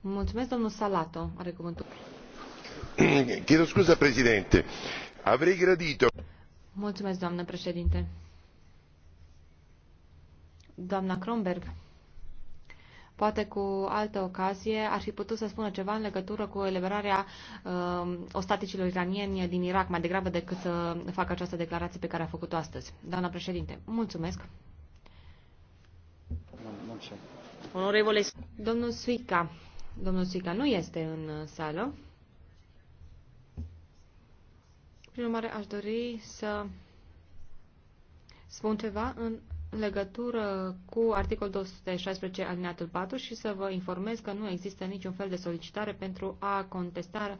Mulțumesc, domnul Salato. Are cuvântul. Chiedo scuză, președinte. Avrei gradito. Mulțumesc, doamnă președinte. Doamna Kronberg, poate cu altă ocazie ar fi putut să spună ceva în legătură cu eliberarea uh, ostaticilor iranieni din Irak, mai degrabă decât să facă această declarație pe care a făcut-o astăzi. Doamna președinte, mulțumesc. Mulțumesc. Onorevole... Domnul Suica. Domnul Suica nu este în uh, sală. Prin urmare, aș dori să spun ceva în legătură cu articolul 216 alineatul 4 și să vă informez că nu există niciun fel de solicitare pentru a contesta